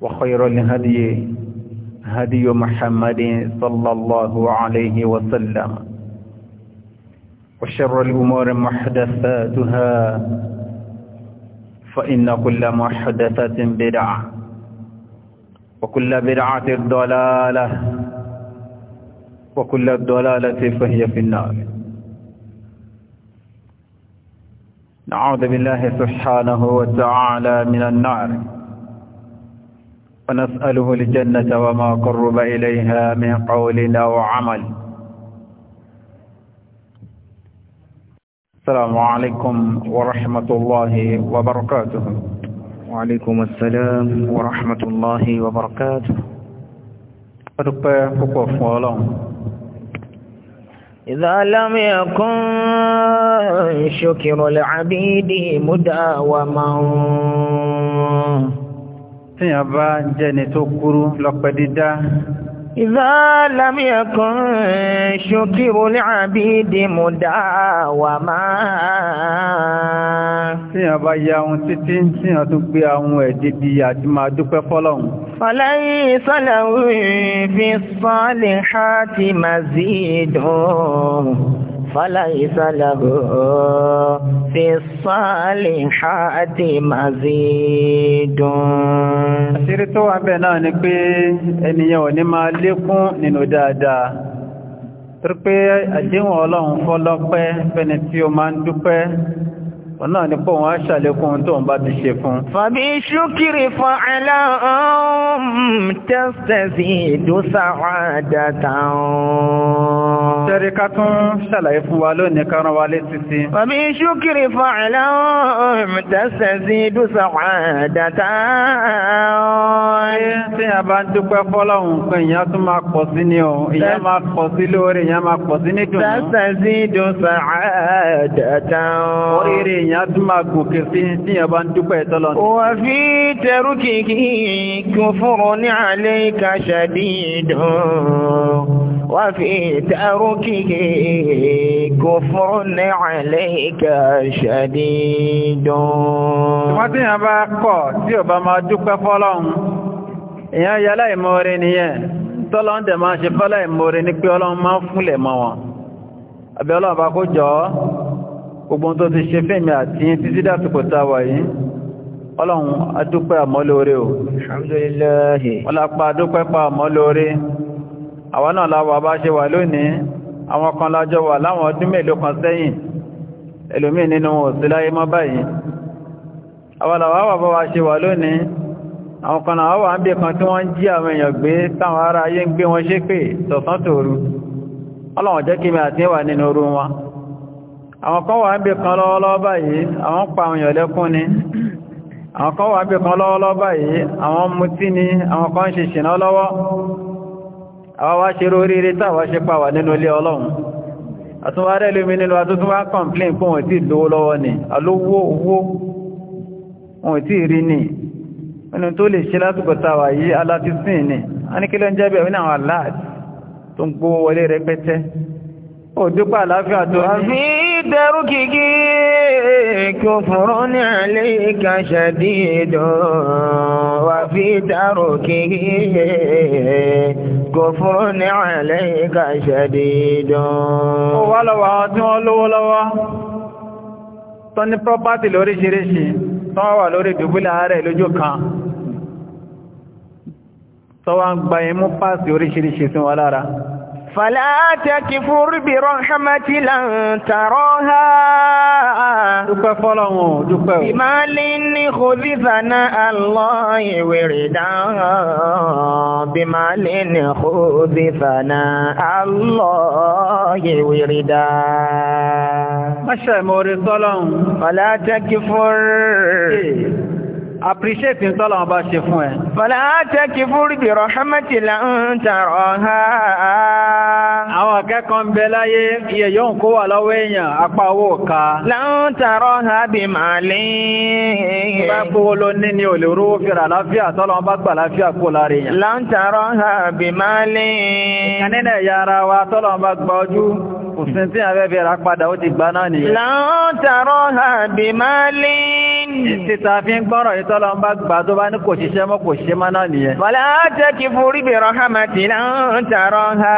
وخير الهدي هدي محمد صلى الله عليه وسلم وشر الأمور محدثاتها فإن كل محدثة بدعة وكل بدعة ضلالة وكل الضلالة فهي في النار نعوذ بالله سبحانه وتعالى من النار ونسأله الجنة وما قرب إليها من قول أو عمل السلام عليكم ورحمة الله وبركاته وعليكم السلام ورحمة الله وبركاته إذا لم يكن شكر العبيد مداوما tíyàn bá jẹni tó kúrú lọ́pẹ́ dídá إذا لم يكن شكر العبيد مداوما tí a bá ya ohun títí tí a tún gbé àwọn ẹ̀dẹ́ bí àti máa dúpẹ́ fọ́lọ́hun. fọ́láyé sọ́lọ́wọ́ fi sọ́lẹ̀ ṣáàtì màzí ìdùn فليس له في الصالحات مزيد àṣírí tó wà bẹ́ẹ̀ náà ni pé ènìyàn ò ní máa lékún nínú dáadáa torí pé àdéhùn ọlọ́run fọ́lọ́pẹ́ fẹ́ni tí ó máa ń dúpẹ́ wọn náà ní pọ̀ wọn á ṣàlékún tó ń bá ti ṣe fún. fàbí ṣúkìrì fún aláhùn tẹ́sítẹ́sì ìdúsà àdàtà ọ̀hún. sẹ́rí ká tún ṣàlàyé fún wa lónìí kárán wa létí sí. fàbí ṣúkìrì fún aláhùn tẹ́sítẹ́sì ìdúsà àdàtà ọ̀hún tí a bá ń dúpẹ́ fọ́lọ́hun nǹkan ìyá tún máa pọ̀ sí ní ọ̀hún ìyá máa pọ̀ sí lóore ìyá máa pọ̀ sí ní dùn. sẹ́sẹ̀ sí dùn sàádàtà. oríire ìyá tún máa gòkè sí tí a bá ń tí ò bá máa dúpẹ́ fọ́lọ́hun èyàn yà láìmọ́ rẹ̀ nìyẹn tọ́lọ ń dẹ̀ máa ṣe fẹ́ láìmọ́ rẹ̀ ní pé ọlọ́run máa fúnlẹ̀ mọ́ wọn àbí ọlọ́run bá kó jọ gbogbo tó ti ṣe fẹ́mi àti títí dásìkò táwà yìí ọlọ́run o alhamdulillahi ọlápá adúpẹ́ pa àmọ́lóore àwọn náà láwọ bá ṣe wà lónìí àwọn kan lájọ wà láwọn ọdún mélòó kan sẹ́yìn ẹlòmíì nínú òsìláyé àwọn kan náà wà ń bí kan tí wọ́n ń jí àwọn èèyàn gbé táwọn ará ayé ń gbé wọn ṣépè tọ̀sán tòru ọlọ́wọ̀n jẹ́ kí mi àti wà nínú orú wọn àwọn kan wà ń bí kan lọ́wọ́lọ́wọ́ báyìí àwọn pa àwọn èèyàn lẹ́kún complain fún òun tí lówó lọ́wọ́ ni alówó ni ẹni tó lè ṣe lásìkò tàwà yìí alátìsìn ni a ní kí ń jẹ́ bẹ̀rẹ̀ náà aláàdì tó ń gbówó wọlé rẹpẹtẹ ó dúpọ̀ àláfíà tó wà fi dárò kìkì kò fòrò ní àlẹ́ ìkàṣẹ̀dì ìdọ̀. ó wá lọ́wọ́ àwọn tí wọ́n tó ní property lóríṣiríṣi tó wà lórí dùbúlẹ̀ ààrẹ lójú kan tó wá ń gba imú pàsì oríṣiríṣi sí wọn lára فلا تكفر برحمة لن تراها بمال خذفنا الله وردا بمال خذفنا الله وردا ما شاء موري صلاة فلا تكفر appreciate tọ́lọ̀ ọba ṣe fún ẹ. Fọ́lá tẹ́kì fúrùbì rọ̀hámẹ́tì láń tàrọ ha. Àwọn akẹ́kọ̀ọ́ ń bẹ láyé iye yóò kó wà lọ́wọ́ èèyàn apá owó ká. Láń tàrọ ha bí màá lé. Bá gbówó ló ní ni olè rówó fi rà tọ́lọ̀ ọba gbà láfíà kó lára Ìtìta fi ń gbọ́rọ̀ ìtọ́lọ ń bá gbà tó bá ní kò ṣiṣẹ́ mọ́ kò ṣiṣẹ́ mọ́ náà nìyẹn. Wọ́lá jẹ́ kí fúrí bí rọ́hámà tí náà ń tàrọ ha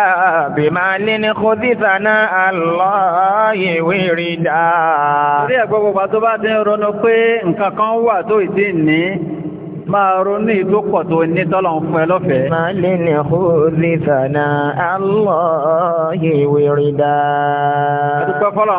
bí máa lé ní kó títà náà àlọ́yè wírí dá. Orí ẹ̀gbọ́ gbogbo tó bá ti ń ronú pé nǹkan kan wà tó ìdí ní máa ronú ìdókọ̀ tó ní tọ́lọ̀ ń fún ẹ lọ́fẹ̀ẹ́. Máa lé ní kó títà náà àlọ́yè wírí dá. Adúpẹ́ fọ́lọ̀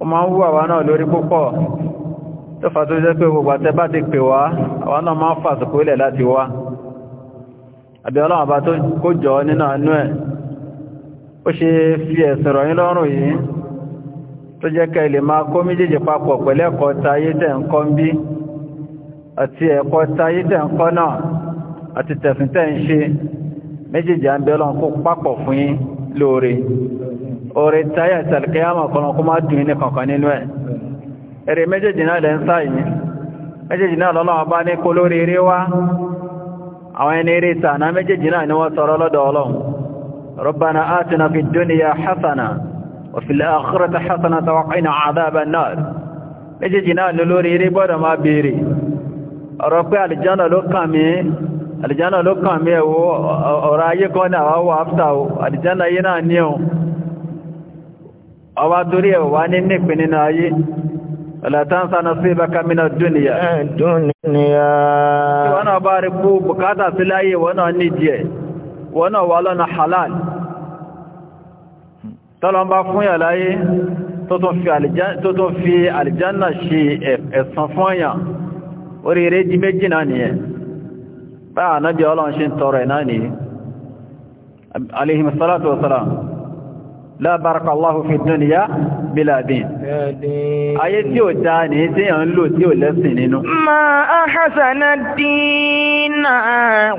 O ma ń wú náà lórí púpọ̀ tó fà tó jẹ́ pé gbogbo ti pè wá àwa náà máa ń fàsùkú ilẹ̀ láti wá àbí ọlọ́run tó kó jọ nínú àánú ẹ̀ ó ṣe fi ẹ̀sìn rọ̀ lọ́rùn yìí tó jẹ́ kẹ́ lè máa kó méjèèjì papọ̀ pẹ̀lú ẹ̀kọ́ orí táyà ìsàlìkíyàmà kọ́nà kó má dùn ní kankan nínú ẹ̀ èrè méjèèjì náà lẹ́ ń sáyìí méjèèjì náà lọ́lọ́wọ́ bá ní kó lórí eré wá àwọn ẹni eré tàná méjèèjì náà ni wọ́n sọ̀rọ̀ lọ́dọ̀ ọlọ́run ربنا آتنا في الدنيا حسنة وفي الآخرة حسنة وقنا عذاب النار méjèèjì náà ni lórí eré gbọ́dọ̀ máa béèrè ọ̀rọ̀ pé àlìjánà ló kàn mí àlìjánà ló kàn mí ẹ̀wọ́ ọ̀rọ̀ ayé kan ní àwọn wà áfítà àlìjánà ní ọ̀hún ọwá dórí ẹ̀ wá ní nípin nínú ayé ọ̀làtánsá na sí ibaka mina dúnìyà eh, dúnìyà tí wọ́n náà bá rí kú bukata sí láyé wọ́n náà ní díẹ̀ wọ́n náà wà lọ́nà halal tọ́lọ́n bá fún yà tó tó fi alìjánà ṣe ẹ̀sàn fún yà jí méjì náà nìyẹn la baraka Allahu fi dunya bila din ayé tí ó dáa ní tí yàn ń lò tí ó lẹ́sìn ma ahasana dina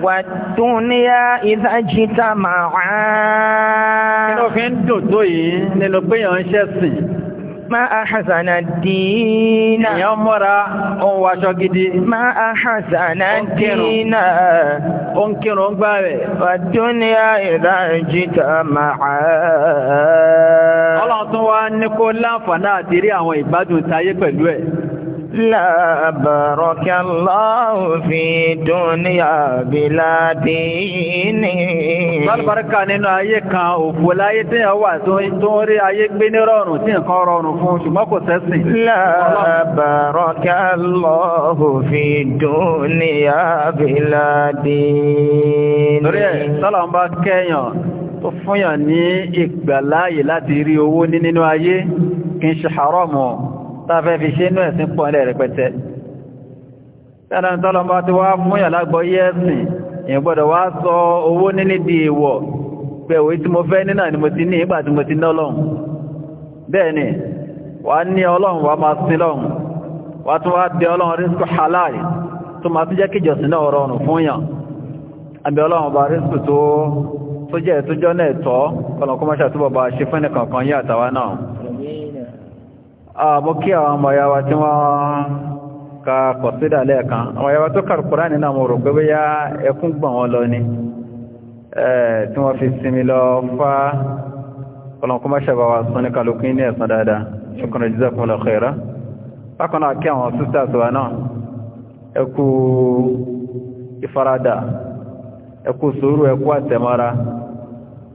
wa dunya ìdájíta màá. kí ló fi ń dùn tó yìí nínú pé yàn ń máa hasana dínà èèyàn mọ́ra ó ń waṣọ gidi máa hasana dínà ó ń kírun ó ń gbá rẹ̀ wàdúnìá ìdájíta máa ọlọ́run tún wá ní kó láǹfààní àti rí àwọn ìgbádùn táyé pẹ̀lú ẹ̀ إلا بارك الله في دنيا بلا دين bálùbáríkà nínú ayé kan òfò láyé tí a wà tó ń rí ayé gbé ní rọrùn tí nǹkan rọrùn fún ṣùgbọ́n kò tẹ́sìn. lábàrọ́kà lọ́hù fi dúnìyà bíládì ní. torí ẹ̀ sọ́lọ̀ ń bá kẹ́yàn tó fúnyàn ní ìgbàláyè láti rí owó ní nínú ayé kì í ṣe haramu tàbẹ́ fi ṣe inú ẹ̀sìn pọ̀ ilẹ̀ rẹpẹtẹ tẹ́lẹ̀ ń tọ́lọ́mbá ti wá fún yàlágbọ́ yẹ́sìn èyàn wá sọ owó níní di èèwọ̀ pẹ̀wé tí mo fẹ́ nínà ni mo ti ní ìgbà tí mo ti ná lọ́hùn bẹ́ẹ̀ ni wà ní ọlọ́hun wà máa sin lọ́hùn wà tún wá bẹ ọlọ́hun rísíkù halal tó máa tún jẹ́ kí ìjọsìn náà rọrùn fún yàn àbí ọlọ́hun àmọ́ ah, kí àwọn ọmọ yàwá tí wọ́n ka kọ̀sídà lẹ́ẹ̀kan àwọn yàwá tó kàrùkùrá nínú àwọn òrò pé bóyá ẹkún gbọ̀n wọn lọ ni eh, tí wọ́n fi sinmi lọ fá ọlọ́nkọmọ́ṣẹ́bàwà sọ ní ní wa náà ẹkú ìfaradà ẹkú sùúrù ẹkú àtẹ̀mọ́ra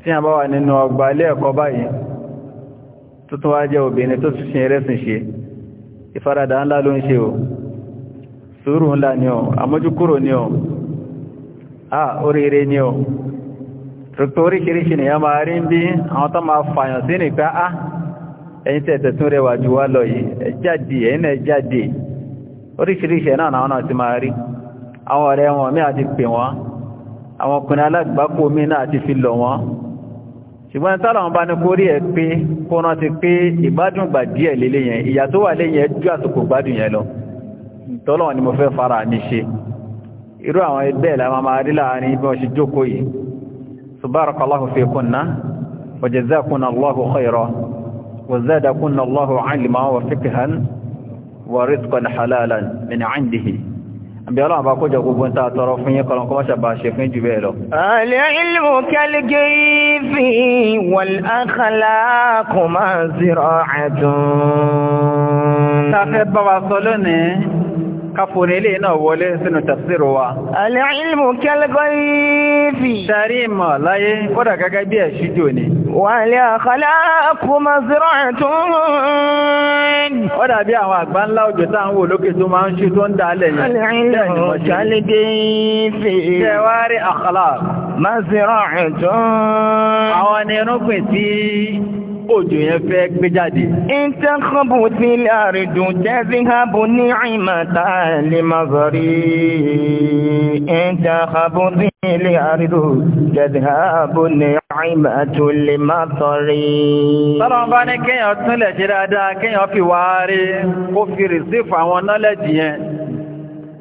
tí a bá wà nínú ọgbà ilé tó tó wá jẹ́ obìnrin tó tún ṣe ẹrẹ́sìn ṣe ìfaradà ńlá ló ń ṣe o sùúrù ńlá ni o àmójúkúrò ni o a oríire ni o tó oríṣiríṣi ni ya máa rí ń bí àwọn tó máa fàyàn sí nìká á ẹ̀yin tẹ̀tẹ̀ tún rẹwà jù wá lọ yìí ẹ ti máa rí àwọn ọ̀rẹ́ wọn mí àti pè wọ́n àwọn ọkùnrin mi náà ti fi lọ wọ́n ṣùgbọ́n tára wọn bá ní kó rí ẹ pé kó rán ti pé ìgbádùn gbà díẹ̀ lélé yẹn ìyà tó wà lẹ́yìn ẹjú àsìkò gbádùn yẹn lọ tọ́lọ́wọ́n ni mo fẹ́ fara mi ṣe irú àwọn ẹgbẹ́ ìlàmà máa rí láàrin bí wọ́n ṣe jókòó yìí àbí ọlọ́run bá kójọ gbogbo ta tọrọ fún yín kọlọ̀kọ́ máṣà bá ṣe fún jù bẹ́ẹ̀ lọ. al-ilmu kal-kayfi wal-akhlaqu ma zira'atun. ta káfòní ilé náà wọlé sínú tafsir wa. Al-ilmu kal-ghaybi. Ṣarí ìmọ̀ láyé, kódà gẹ́gẹ́ bí ẹ̀ṣú jò ní. Wal-akhlaqu mazra'atun. Ó dàbí àwọn àgbá ńlá òjò tá ń wò lókè tó máa ń ṣú tó ń dalẹ̀ yìí. Al-ilmu òjò yẹn fẹ́ gbé jáde. ìtẹ́kọ̀bù ti láàrin dùn jẹ́sí hábù ní ìmọ̀ta lè máa sọ̀rí. ìtẹ́kọ̀bù ti láàrin dùn jẹ́sí hábù ní ìmọ̀ta lè máa sọ̀rí. sọ́dọ̀ ní kéèyàn túnlẹ̀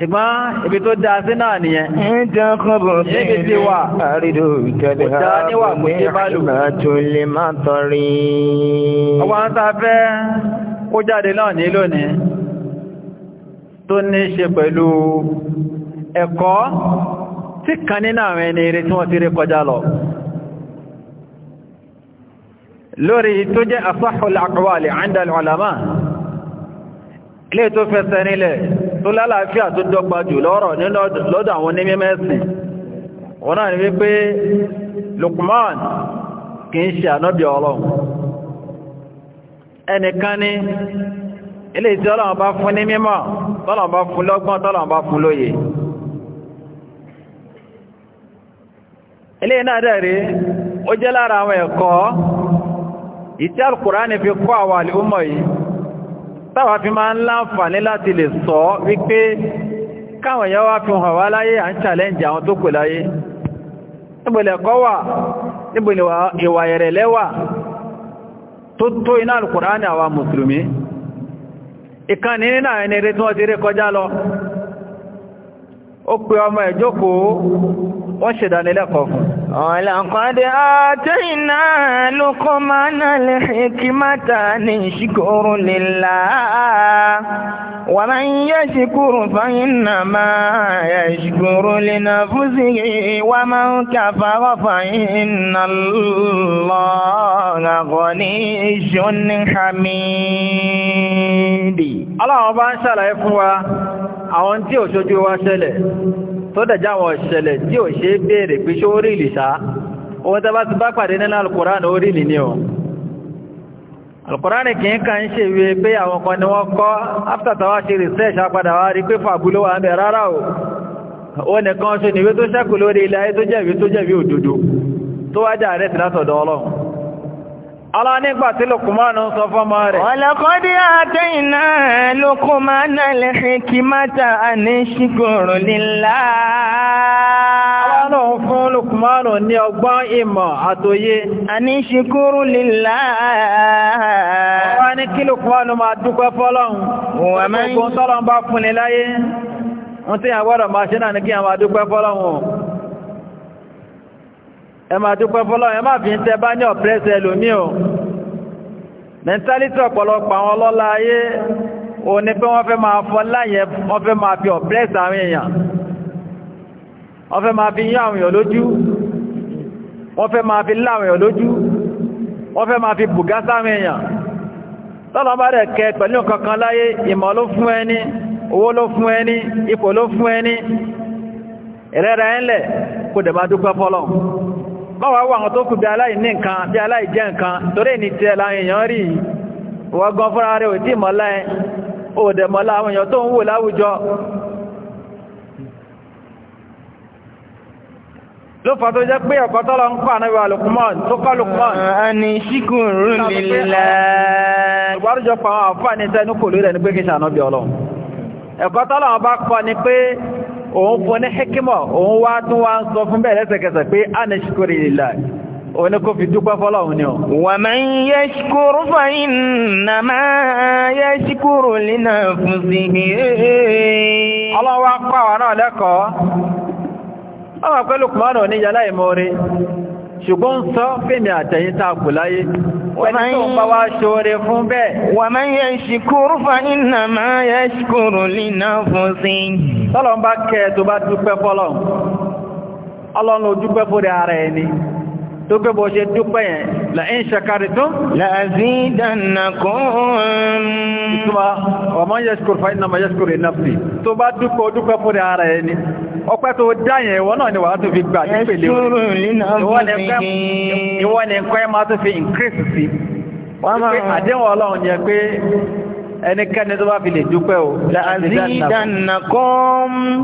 ṣùgbọ́n ibi tó dáa sí náà nìyẹn. ẹ̀dá kọ́bọ̀ níbi tí wà àrídò ìtẹ̀lẹ̀ ààbò ní àìmọ̀ tó lè má tọrí. ọwọ́ ń sáfẹ́ kó jáde náà ní lónìí tó ní ṣe pẹ̀lú ẹ̀kọ́ tí kan nínú àwọn ẹni lórí tó jẹ́ asahul aqwali 'inda al-'ulama ilé tó fẹsẹ̀ nílẹ̀ tó lálàáfíà tó dọ́gba jù lọ́rọ̀ lọ́dọ̀ àwọn onímẹ́mẹ́sìn wọn náà ni wípé Lukman kì í ṣe ànọ́bì Ọlọ́run ẹnìkan ni ilé tí Ọlọ́run bá fún ní mímọ̀ tọ́lọ́run bá fún lọ́gbọ́n tọ́lọ́run bá fún lóye ilé náà dẹ̀rẹ̀ ó jẹ́ lára àwọn ẹ̀kọ́ ìtí al fi kọ́ àwọn àlè táwa fi máa ń láǹfààní láti lè sọ wípé káwọn èèyàn wá fi hàn wá láyé à ń challenge àwọn tó kù láyé níbòlẹ̀ ẹ̀kọ́ wà níbòlẹ̀ ìwà ìrẹ̀lẹ̀ wà tó tó iná alùkùránì àwa mùsùlùmí ìkànnì nínú ẹni rẹ̀ tí wọ́n ti rí kọjá lọ ó pe ọmọ ẹ̀jókòó wọ́n ṣèdánilẹ́kọ̀ọ́ fún. ọ̀làkọ́dé àtẹ́ iná lókọ́ máa ná lè kí mátà ní ìṣíkòrò lílá wà máa ń yẹ́ ṣíkòrò fáyín náà máa yẹ ṣíkòrò lẹ́nà bá ń ṣàlàyé fún wa àwọn tí ò ṣojú wa ṣẹlẹ̀ tó dẹ̀já àwọn ìṣẹ̀lẹ̀ tí ò ṣe béèrè pé ṣó rí ìlìṣà ohun tẹ́bá ti bá pàdé nínú alkùránì orí ìlì ni ọ alkùránì kì í kàn ń ṣe wé pé àwọn kan ni wọ́n kọ́ afẹ́tàwà ṣe research apadà wá rí pé fàbúló wà ń bẹ̀ rárá Ọlá nígbà tí Lukumanu sọ fọ́mọ rẹ̀. Walaqad atayna Lukumana al-hikmata an ishkur lillah. Ọlọ́nà fún Lukumanu ní ọgbọ́n ìmọ̀ àtòyé. An ishkur lillah. Wọ́n ní kí Lukumanu máa dúpẹ́ fọ́lọ́run. Wọ́n máa ń ẹ máa dúpẹ́ fọ́lọ́ ẹ máa fi ń tẹ bá ní ọ̀pẹ́sẹ̀ lómi o mẹ́ntálítì ọ̀pọ̀lọpọ̀ àwọn ọlọ́lá ayé o ní pé wọ́n fẹ́ máa fọ́ láyẹ wọ́n fẹ́ máa fi ọ̀pẹ́sẹ̀ àwọn èèyàn wọ́n fẹ́ máa fi yán àwọn èèyàn lójú wọ́n fẹ́ máa fi láwọn èèyàn lójú wọ́n fẹ́ máa fi bùgá sáwọn èèyàn tọ́lọ bá rẹ̀ kẹ pẹ̀lú kankan láyé ìmọ̀ ló kò dẹ̀ máa dúpẹ́ fọ́lọ́run báwa wà àwọn tó kù bí aláìní nǹkan bí aláìjẹ́ nǹkan torí ní tí ẹ̀lá èèyàn rí wọ́n gan fúnra rẹ̀ ò tí mọ́lá àwọn èèyàn tó ń wò láwùjọ ló fà tó jẹ́ pé ọ̀kọ́ tọ́lọ ń pà náà tó kọ́ a òun fún ní hikimọ̀ òun wá tún wá ń sọ fún bẹ́ẹ̀ lẹ́sẹ̀kẹsẹ̀ pé a ní ṣíkòrí lílá òní kò fi dúpẹ́ fọ́lọ́hun ni ọ. wà máa ń yẹ ṣíkòrò fàyín nà máa yẹ ṣíkòrò lẹ́nà ṣùgbọ́n sọ fèmì àtẹ̀yìn tàà kù láyé wọ́n tó ń bá wá ṣoore fún bẹ́ẹ̀ wà máa yẹ ṣìkúrú fa iná máa yẹ ṣìkúrú líná fún sí tọ́lọ tó pé ṣe dúpẹ́ yẹn la in shakartum la azidannakum ìtumá ọmọ yashkur fa innama yashkuru li nafsi tó bá dúpẹ́ ó dúpẹ́ fún ara ẹni ọpẹ́ tó dá yẹn ìwọ náà ni wà á tó fi gbà ní pèlè ìwọ ni nǹkan ẹ máa tó fi increase sí àdéhùn ọlọ́run yẹn pé ẹnikẹ́ni tó bá fi lè dúpẹ́ o láàzí ìdánakọ́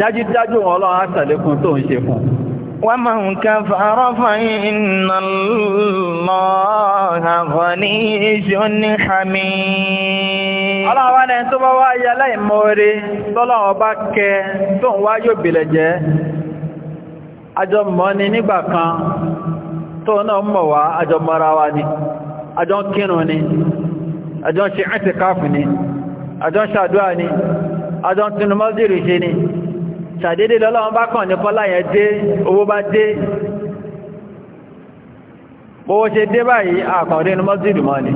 dájúdájú ọlọ́run á ṣàlékún tó ń ṣe fún ومن كَفَرَ فَإِنَّ اللَّهَ غني حَمِيدٌ Ọlọ́run wá tó bá wá yẹ aláìmọ́re tọ́lọ́run bá kẹ tó ń wá yóò bèèrè jẹ́. Àjọ mọ́ ni nígbà kan tó náà mọ̀ wá àjọ mọ́ra wa ni, àjọ kírun ni, àjọ ṣe ẹ̀tẹ̀káfù ṣàdédé lọ́lọ́wọ́n bá kàn ní kọ́lá yẹn dé owó bá dé bówó ṣe dé báyìí àkàndé inú mọ́sílù mọ́ ni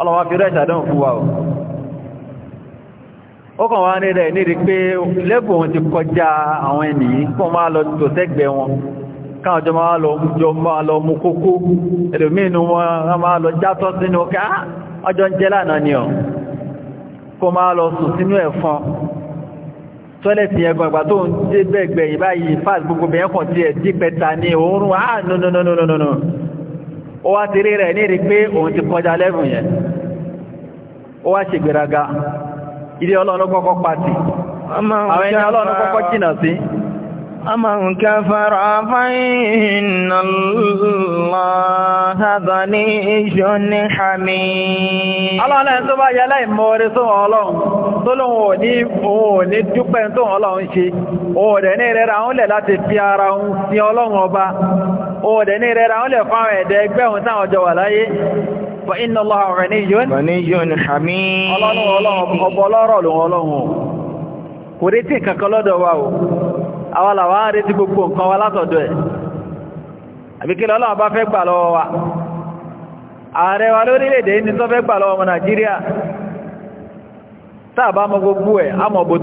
ọlọ́wọ́n fi rẹ̀ ṣàdán fún wa ó kàn wá ní rẹ̀ níri pé lẹ́bùn ti kọjá àwọn ènìyàn kó máa lọ tò sẹ́gbẹ̀ẹ́ wọn ni ọ tọ́lẹ̀tì yẹn gbàgbà tó ń dé bẹ́ẹ̀gbẹ̀ yìí báyìí fáàs gbogbo bẹ̀yẹn kàn tí ẹ̀ dí pẹta ní oòrùn ah no no no no no no ó wá ti rí rẹ̀ ní rí pé òun ti kọjá lẹ́bùn yẹn ó wá ṣègbéraga ilé ọlọ́run pàtì àwọn ẹni ọlọ́run jìnà sí أمن كفر فإن الله غني حميد الله náà tó bá yẹlẹ́ ìmọ̀ọ́rẹ́ tó ọlọ́run tó lóun ò ní òun ní dúpẹ́ tó ọlọ́run ṣe òòdẹ̀ ní ìrẹ́ra ń lẹ̀ láti fi ara ń sin ọlọ́run ọba òòdẹ̀ ní ìrẹ́ra ń lẹ̀ fún àwọn ẹ̀dẹ́ ẹgbẹ́ òun táwọn jọ wà láyé fa inna Allaha ghaniyyun ghaniyyun hamid ọlọ́run ọlọ́run ọbọ̀ ọlọ́rọ̀ lòun ọlọ́run kò rí tí kankan lọ́dọ̀ wa o àwọn làwọn àárí tí gbogbo nǹkan wa látọ̀dọ̀ ẹ̀ àbíkí lọ́lọ́wọ́ bá fẹ́ gbà lọ́wọ́ wa ààrẹ wa lórílẹ̀-èdè ọmọ Nàìjíríà tàbá mọ gbogbo ẹ̀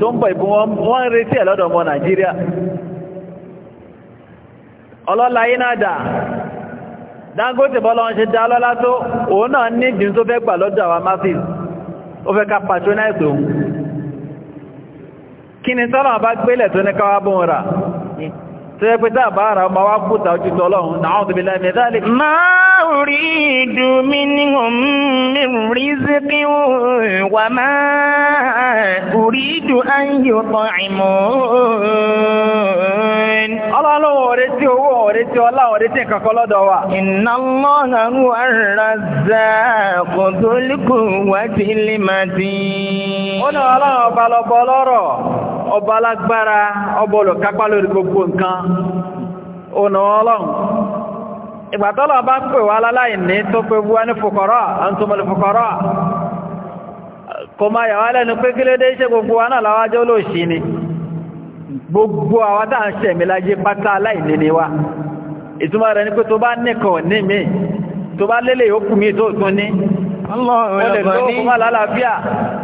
tó ń bọ̀ ìbú wọ́n ń retí ẹ̀ ọmọ Nàìjíríà ọlọ́lá Dangote bọ́lọ́ ṣe dá lọ́lá tó òun náà ní tó fẹ́ gbà lọ́dọ̀ àwọn ó fẹ́ ká patronize kí ni tọ́lọ̀ bá gbélẹ̀ tó ní káwàá bóun rà tẹ́ pé dábàá ara ọmọ wá búta ojú tọ́lọ́run náà ọdún bí láìmẹ́ dáàlì. máa rí ìdù mi ní omi rí síkí wà máa rí ìdù ayọ̀tọ̀ ìmọ̀ ọlọ́lọ́wọ́ ọ̀rẹ́ tí owó ọ̀rẹ́ tí ọlá ọ̀rẹ́ tí kankan lọ́dọ̀ wa. iná lọ́nà wà ràzà kò tó lùkù wá sí lè máa dín. ó náà ọlọ́run ọba lọ bọ́ lọ́rọ̀. ọba alágbára ọbọlụ olùkápá lórí gbogbo nǹkan ọ̀nà ọlọ́run ìgbàtọ́lọ̀ bá pè wá láláì ní tó pé wúwá ní fòkọ̀rọ̀ àntúmọ̀lù fòkọ̀rọ̀ kò máa yà wá lẹ́nu pé kí iṣẹ́ gbogbo wa náà láwájọ́ olóòṣì ni gbogbo àwọn tàà ń ṣẹ̀mí láyé pátá aláìní ni wá ìtumọ̀ rẹ̀ ní pé tó bá nìkan ní mi tó bá lélẹ̀ yóò kú mi tó tún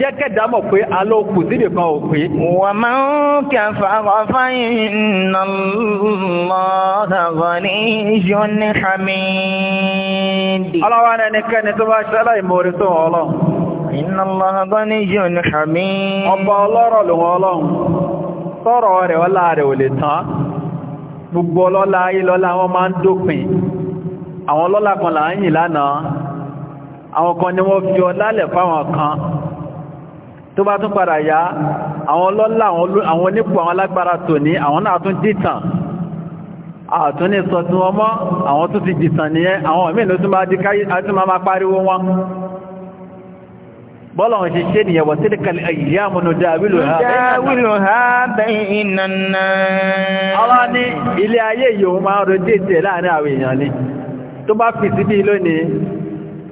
jẹ́ kẹ́dà mọ̀ pé alọ́ kù síbì kan ò pé. wà máa ń kẹfà ọ̀fà iná lọ́dàbọ̀ ní yóò ní hamidi. ọlọ́wọ́ ẹnikẹ́ni tó bá ṣẹlẹ̀ ìmòrí tó ọlọ́ iná lọ́dàbọ̀ ní yóò ní hamidi. ọba ọlọ́rọ̀ lòun ọlọ́run àwọn kan ni wọ́n fi ọlá lẹ̀ fáwọn kan tó bá tún padà yá àwọn ọlọ́lá àwọn onípò àwọn alágbára tò ní àwọn náà tún dìtàn àtún ní sọ tí wọ́n àwọn tún ti dìtàn nìyẹn àwọn mìí tún máa di káyí àti máa máa pariwo wọn bọ́lá wọn ṣe ṣe wọ́n sílẹ̀ kalẹ̀ ayé àmúnú dáwìlò ha bẹ́yìn nàná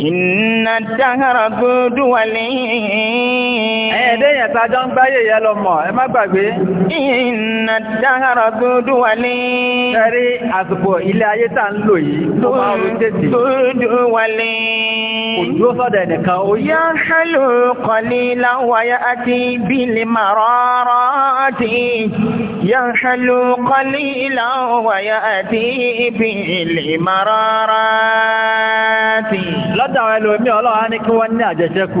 Iná dáhàrà gúdú wà ní ẹ̀ẹ́dẹ́yẹ̀ tàjọ ń gbáyé yẹ lọ mọ̀, ẹ má gbàgbé. Iná dáhàrà gúdú wà ní ẹ̀rí àsìkò ilé ayé tà ń lò yìí, tó máa rú tètè. Gúdú wà ní òjò sọ́dẹ̀ yá ṣẹlù kọlí láwáyá àti bílì màrọ́rọ́ ti yá àti lọ́dọ̀ àwọn ẹlòmí ọlọ́wà ní kí wọ́n ní àjẹṣẹ́kù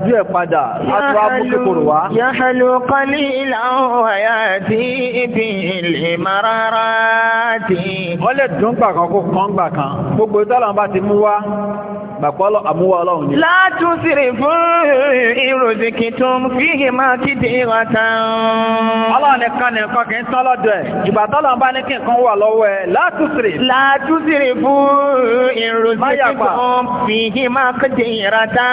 dájú ẹ̀ padà látọ́ ápùkòkòrò wá. Ya halu qalilan wa yati bil mararati. Wọ́n lè dùn gbà kan kó kán gbà kan, gbogbo ìtọ́lọ̀ bá ti mú ọlọ́run ni. La tusrifu irruzikitum fihi ma kidiratan. Ọlọ́run nìkan tán lọ́dọ̀ ẹ̀, ìgbà tọ́lọ̀ bá ní kí nǹkan wà lọ́wọ́ ẹ̀, la tusrifu. La tusrifu irruzikitum fihi ma kidiratan.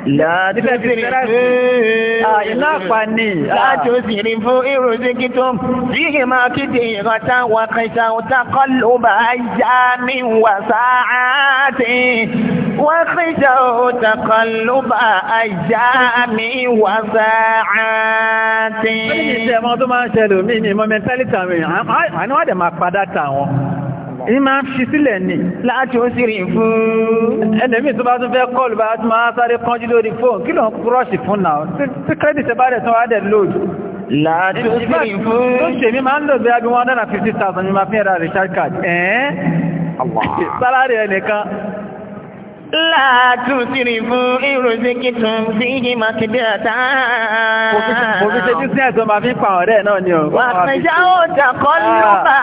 Ìláàpàní láti òsìrí ah, ah. fún ìrò i máa kéde ìran tán wà kẹta òta kọlù bá yá ní wà sáàtì. Wà kẹta òta kọlù bá yá ní wà sáàtì. ìṣẹ́ ọmọ tó máa ń ṣẹlò mí ní mọ́ mẹ́tálítà mi, àníwádẹ̀ máa padà tà ìmá fi sílẹ̀ ní láti ó sì rí fún ẹnẹ̀mí tó bá tún fẹ́ kọlù bá tún máa sáré kánjú lórí fóòn kí lọ kúrọ́ṣì fún náà tí kírẹ́dì tẹ bá rẹ̀ tán wádẹ̀ lóòdù láti ó sì rí fún tó ṣe mi máa ń lò bí i 150,000 mi máa fi ẹ̀rà richard card ẹ̀ẹ́ sálárì ẹnìkan láàtú sírí fún ìròsíkí tún sí ìjì màkìdí àtà. Òfìṣẹ́ tí sí ẹ̀sọ́ máa fi pa ọ̀rẹ́ náà ni ọ̀. Wà pẹ̀já ó dàkọ́ lọ́bà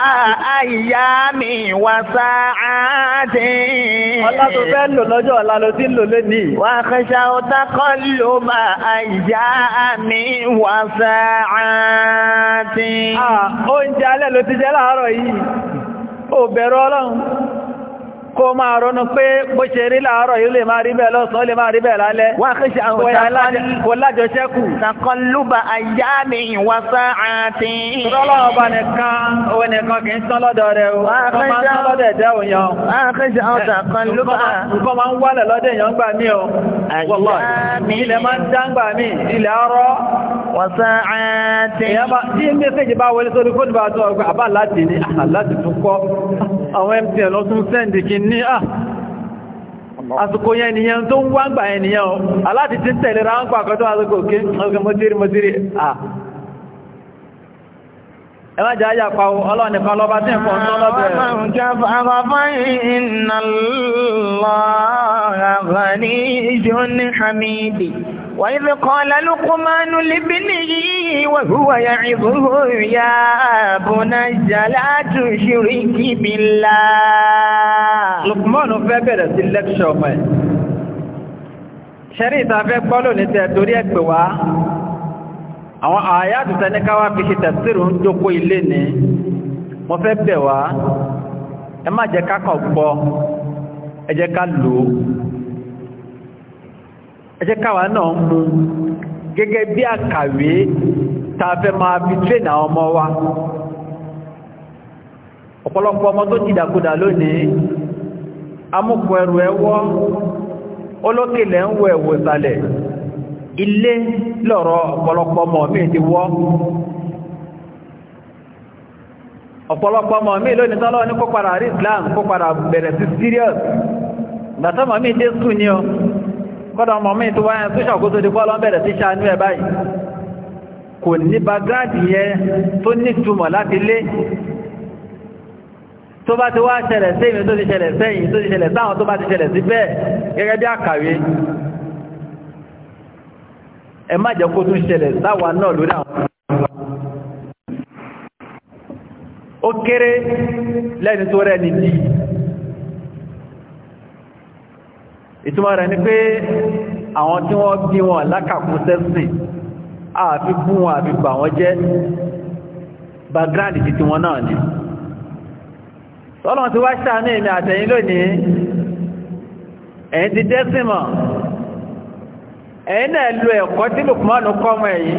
àyà mi wà sáàdé. Ọlá tó fẹ́ lò lọ́jọ́ ọ̀la ló ti ń lò lónìí. Wà pẹ̀já ó dàkọ́ lọ́bà àyà mi wà sáàdé. Oúnjẹ alẹ́ ló ti jẹ́ láàárọ̀ yìí. Ò bẹ̀rù Ọlọ́run kó máa ronú pé bó ṣe rí láàárọ̀ yóò lè máa rí bẹ́ẹ̀ lọ́sàn ó lè máa rí bẹ́ẹ̀ lálẹ́ wà kí ṣe àwọn olájọṣẹ́kù takọlúbà àyàmì ìwàsá àti rọ́lọ́ọ̀bá nìkan owó nìkan kì í tán lọ́dọ̀ rẹ̀ o wọ́n máa tán lọ́dọ̀ ẹ̀dẹ́ òyàn wà kí ṣe àwọn takọlúbà nǹkan máa ní à ah, àsìkò yẹn tó ń wá ń gbà yẹn o aláti ti tẹ̀lé ra ń pa àkọ́tọ́ àsìkò kí ọkọ̀ mọ́tírí mọ́tírí à ah. ẹwà ayà pa ọlọ́run nìkan وإذ قال لقمان لابنه وهو يعظه يا بني لا تشرك بالله لقمان فبرة اللكشة ومن شريطة فبقلوا نتاتوري أكبوا àwọn àyàtù tẹni káwà fi ṣe tẹ̀sírù ń jókó ilé ni wọ́n fẹ́ bẹ̀ wá ẹ ẹjẹ́ káwà náà mú gẹ́gẹ́ bí àkàwé tàbẹ́ máa fi ọmọ wa ọ̀pọ̀lọpọ̀ ọmọ tó ti dàkúdà lónìí amúkù ẹrù ẹwọ́ olókèlẹ̀ ń wọ ẹ̀wọ̀ ilé lọ́rọ̀ ọ̀pọ̀lọpọ̀ ọmọ mi ti wọ́ ọ̀pọ̀lọpọ̀ ọmọ mi lónìí tọ́lọ́ kọ́dọ̀ ọmọ mi tó wáyé tó ṣàkóso di pọ́lọ́ bẹ̀rẹ̀ sí ṣàánú ẹ̀ báyìí kò ní bagráàdì yẹn tó nítumọ̀ láti lé tó bá ti wá ṣẹlẹ̀ sẹ́yìn tó ti ṣẹlẹ̀ sẹ́yìn tó ti ṣẹlẹ̀ sáwọn tó bá ti ṣẹlẹ̀ sí bẹ́ẹ̀ gẹ́gẹ́ bí àkàwé ó kéré lẹ́ni tó rẹ̀ nìdí ìtumọ̀ rẹ̀ ni pé àwọn tí wọ́n bí wọn lákàkún sẹ́sìn àfi bú wọn àfi bà wọ́n jẹ́ background ti wọn náà ni tọ́lọ́n ti wá ṣàánú ìmì àtẹ̀yìn lónìí ẹ̀yìn ti dẹ́sìn mọ̀ ẹ̀yìn náà lo ẹ̀kọ́ tí lùkùmọ́nù kọ́mọ ẹ̀yìn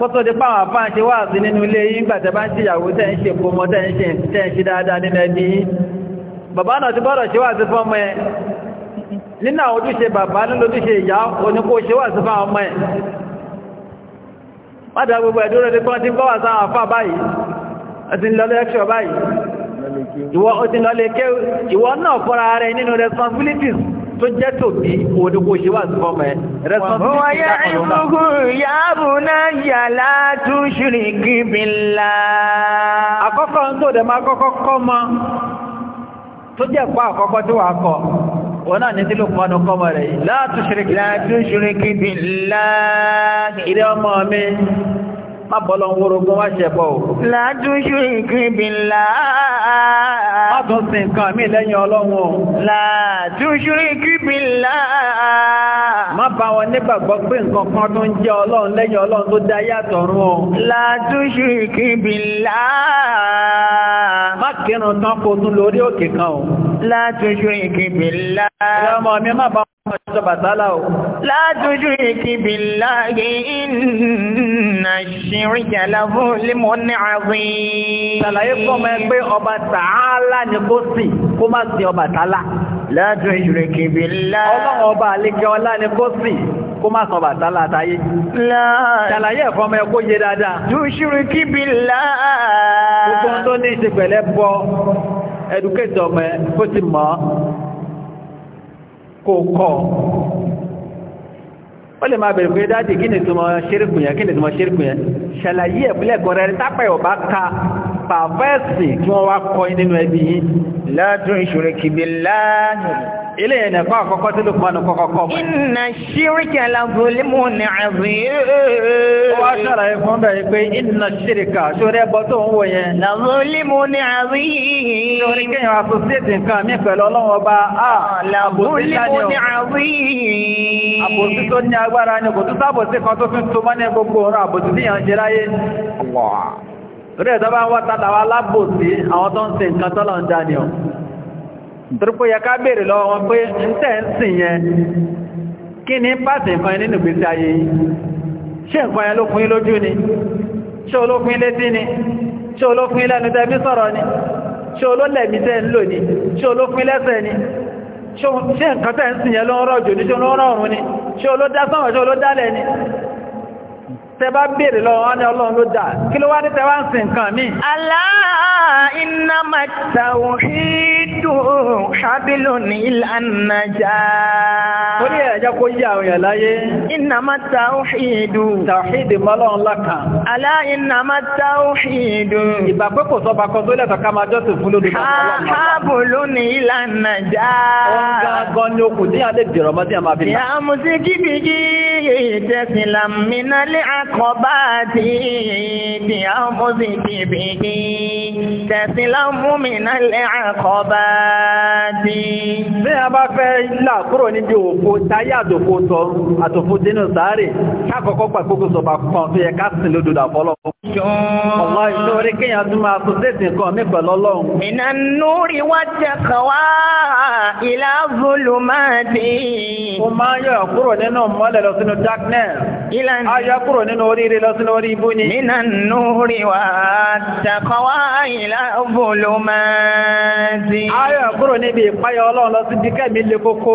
kó tó di páwọn àfáà ṣe wà sí nínú ilé yìí gbàtẹ̀ bá ń ṣe ìyàwó tẹ́ ń ṣe kòmọ tẹ́ ń ṣe dáadáa nínú ẹbí yìí bàbá náà ti bọ́rọ̀ ṣe wà sí fọ́mọ ẹ nínú ojúṣe bàbá nínú ojúṣe ìyá oníkó ṣe wà sí fáwọn ọmọ gbogbo ẹ̀dúró ní pọ́n tí ń bọ́ wà sáwọn àfáà báyìí ó ti ń lọ lẹ́ṣọ́ báyìí responsibilities tó jẹ́ tòbí òdòkó ṣe wà sí fọ́mọ ẹ̀ responsibility ká kọ̀ wọ́n yẹ yàbù náà yàlá tún ṣùrì kìbìlà. àkọ́kọ́ ń tó dẹ̀ máa kọ́kọ́ kọ́ mọ́ tó jẹ́ ẹ̀kọ́ àkọ́kọ́ tí wàá kọ́ òun náà ní tí ló pọ̀ ní kọ́mọ rẹ̀ yìí látúnṣe kìbìlà. ìrẹ́ ọmọ mi má bọ́lọ̀ ń wórogún wá ṣẹ̀bọ̀ o. Làdúṣù ìkìbìlá. Má tún sin nǹkan mí lẹ́yìn ọlọ́run o. Làdúṣù ìkìbìlá. Má bá wọn nígbàgbọ́ pé nǹkan kan tó ń jẹ́ ọlọ́run lẹ́yìn ọlọ́run tó dá yàtọ̀ rún o. Làdúṣù ìkìbìlá. Má kírun tán kó tún lórí òkè kan o látújú ìkìbì láàáyé ìnà ṣíríkà lábú límọ̀ ní àwìn. Ṣàlàyé fún ọmọ ẹgbẹ́ ọba tààlà ni Ọlọ́run ọba àlékẹ́ ọlá ni kó sì kó má sọ bàtà látàyé. Ṣàlàyé ẹ̀kọ́ ọmọ ẹkó yé dáadáa. Dùn ṣírí láàá. Gbogbo tó ní ìṣe pẹ̀lẹ́ ẹ̀dùkẹ́tì ọmọ ẹ kó ti mọ̀ kó kọ́ ó lè máa bẹ̀rẹ̀ pé dájì kí ni túnmọ̀ ṣírìkù yẹn kí ni túnmọ̀ ṣírìkù yẹn ṣàlàyé ẹ̀bùlẹ̀ kan tápẹ̀ ọ̀bá ka pàfẹ́ẹ̀sì tí wọ́n wá kọ́ nínú ẹbí yìí látún ìṣòro kìbí ilé ẹ̀nà ẹ̀kọ́ àkọ́kọ́ tí Lukmanu kọ́kọ́ kọ́ mọ̀. Inna ṣíríkà làbúlímù ní àbí. Ó wá ṣàlàyé fún bẹ̀rẹ̀ pé inna ṣíríkà ṣorí ẹbọ tó ń wò yẹn. Làbúlímù ní àbí. Ṣorí kéèyàn asosiyeti nǹkan mi pẹ̀lú ọlọ́run ọba a. Làbúlímù ní àbí. Àbòsí tó ní agbára ni kò tún sábòsí kan tó fi ń tó mọ́ ní gbogbo ọ̀rọ̀ àbòsí tí yàn láyé. Torí ẹ̀ bá ń wá tàdà lábòsí àwọn tó ń ṣe nǹkan tọ́lọ̀ ń dání o torípò yẹ ká béèrè lọ́wọ́ wọn pé ń tẹ́ ń sìn yẹn kí ní pàtì nǹkan nínú gbèsè ayé yìí ṣé nǹkan yẹn ló fún yín lójú ni ṣé o ló fún yín létí ni ṣé o ló fún yín lẹ́nu tẹ́bí sọ̀rọ̀ ni ṣé o ló ni ṣé o ló lẹ́sẹ̀ ni ṣé tẹba béèrè lọ wọn ni ọlọ́run ló dà kí ló wá ní tẹwa ń sin nǹkan mi. alá iná màtàwọ̀ hídù ṣábìlù ní ìlànà jà. ó ní ẹ̀jẹ̀ kó yí àwọn èèyàn láyé. iná màtàwọ̀ hídù. tàwíìdì mọ́lọ́run lákàn. alá iná màtàwọ̀ hídù. ìgbà pé kò sọ́ba kan tó lẹ́tọ̀ọ́ ká máa jọ́sìn fún lórí ṣábìlù ní ìlànà jà. ó ń gán gan ni okùn tí تسلم من العقبات بأمز به تسلم من العقبات bí a bá fẹ́ là kúrò níbi òfò táyé àtòfò tọ àtòfò dínú sáré kákọ̀ọ́kọ́ pàkókò sọ̀bà kan tó yẹ ká sìn lódòdà fọ́lọ́ ọ̀lá ìṣòrí kíyàn tún máa tó darkness. Ìlànà. A yọ kúrò nínú oríire lọ sínú orí ibú ni. Nínà núrí wà tàkọ́wá ìlà òbòlùmọ́ ti. A kúrò níbi ìpáyọ̀ ọlọ́run lọ sí bí kẹ́mi le koko.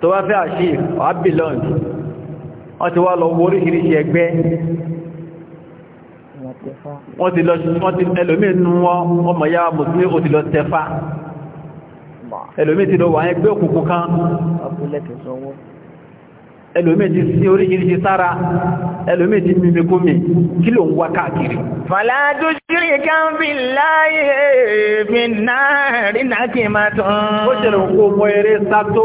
tó bá fẹ́ àṣí àbìlọ́n wọ́n ti wá lọ oríṣiríṣi ẹgbẹ́ wọ́n ti lọ ẹlòmí nú wọn ọmọ ya mùsùlùmí ó ti lọ tẹfà ẹlòmí ti lọ wà ẹgbẹ́ òkùnkùn kan ẹlòmí ti sí oríṣiríṣi sára ẹlòmí ti mímikúmi kí ló ń wá káàkiri kan fi láyé fi náà rí náà kí máa ó ṣẹlẹ̀ òkú ọmọ eré sátó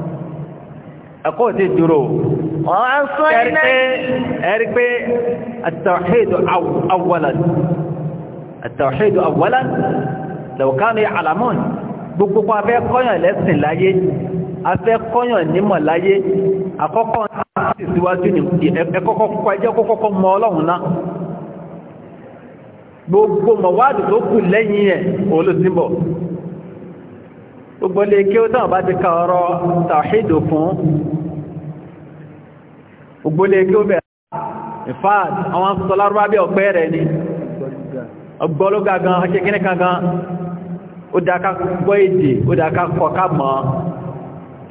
ẹ̀kọ́ ti dúró ẹ̀rí pé àtàwàhídù awwalan àtàwàhídù awwalan lẹ́wọ̀kánú alamọ́n gbogbo abẹ́ kọ́yàn lẹ́sìn láyé afẹ́ kọ́yàn nímọ̀ láyé àkọ́kọ́ láti síwájú ní ẹ̀kọ́kọ́ ẹjẹ́ kọ́kọ́ mọ ọlọ́run náà gbogbo mọ̀wádìí tó kù lẹ́yìn ẹ̀ olùsíbọ̀ gbogbo lè kí ó tán bá ti ka ọ̀rọ̀ tàwíìdù fún gbogbo lè kí ó bẹ̀rẹ̀ ìfáàd àwọn sọlárúwá bí ọ̀pẹ́ rẹ̀ ni ọgbọ́lógà gan ṣekínní kan gan ó dáká gbọ́ èdè ó dáká kọ ká mọ̀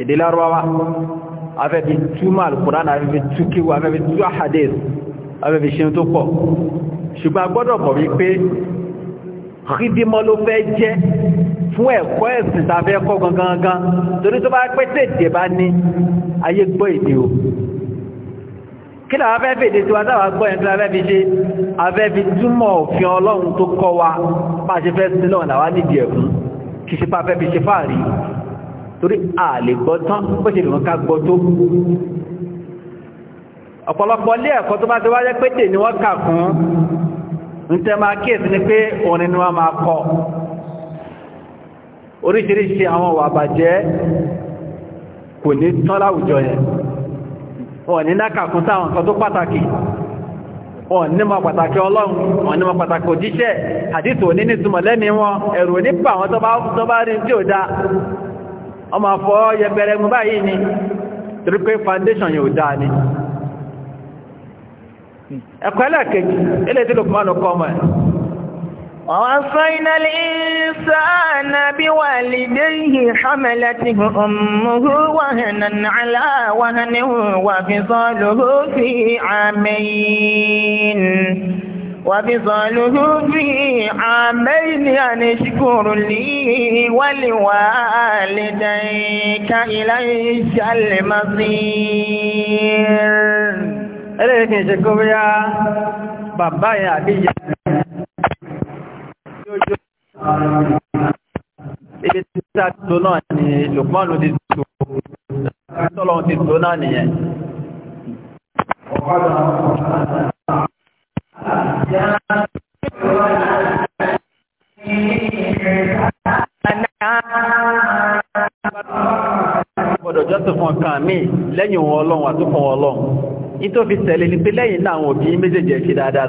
èdè lárúwáwá afẹ́fi túmọ̀ alùkùnrán afẹ́fi tú kíwọ afẹ́fi tú àhàdẹ́s afẹ́fi ṣe tó pọ̀ ṣùgbọ́n gbọ́dọ̀ mọ̀ wípé rídímọ́ ló fẹ́ jẹ́ fún ẹ̀kọ́ ẹ̀sìn tàbí ẹ̀kọ́ gangan gan torí tó bá pẹ́ tètè bá ní ayé gbọ́ èdè o kí làwọn afẹ́ fèdè tí wọ́n táwà gbọ́ ẹ̀ntí afẹ́ fi ṣe afẹ́ fi túmọ̀ òfin ọlọ́run tó kọ́ wa bá ṣe fẹ́ sí lọ́wọ́n làwá nídìí ẹ̀kún kì í ṣe pàfẹ́ fi ṣe ni wọ́n kà fún ń tẹ́ oríṣiríṣi àwọn wàbà jẹ́ kò ní tán láwùjọ yẹn wọ́n ní lákàkún sáwọn nǹkan tó pàtàkì wọ́n pàtàkì ọlọ́run wọ́n ní pàtàkì òjíṣẹ́ àdítò ní nítumọ̀ lẹ́ni wọn ẹ̀rù nípa àwọn tó bá rí tí ó dá ọmọ ni foundation yóò dá ẹ̀kọ́ ووصينا الإنسان بوالديه حملته أمه وهنا على وهن وفصاله في عامين وفصاله في عامين أن يعني اشكر لي ولوالديك إليك المصير. ẹlẹ́yìn kìí ṣe kó bí ibi tí a ti tó náà ni lùpọ́nù ti tó tọ́lọ́ ti tó náà nìyẹn Gbọ́dọ̀ jọ́sùn fún ọkàn mi lẹ́yìn wọn ọlọ́run àtúkùn ọlọ́run. Ní tó fi tẹ̀lé ní pé lẹ́yìn náà àwọn òbí méjèèjì ṣe dáadáa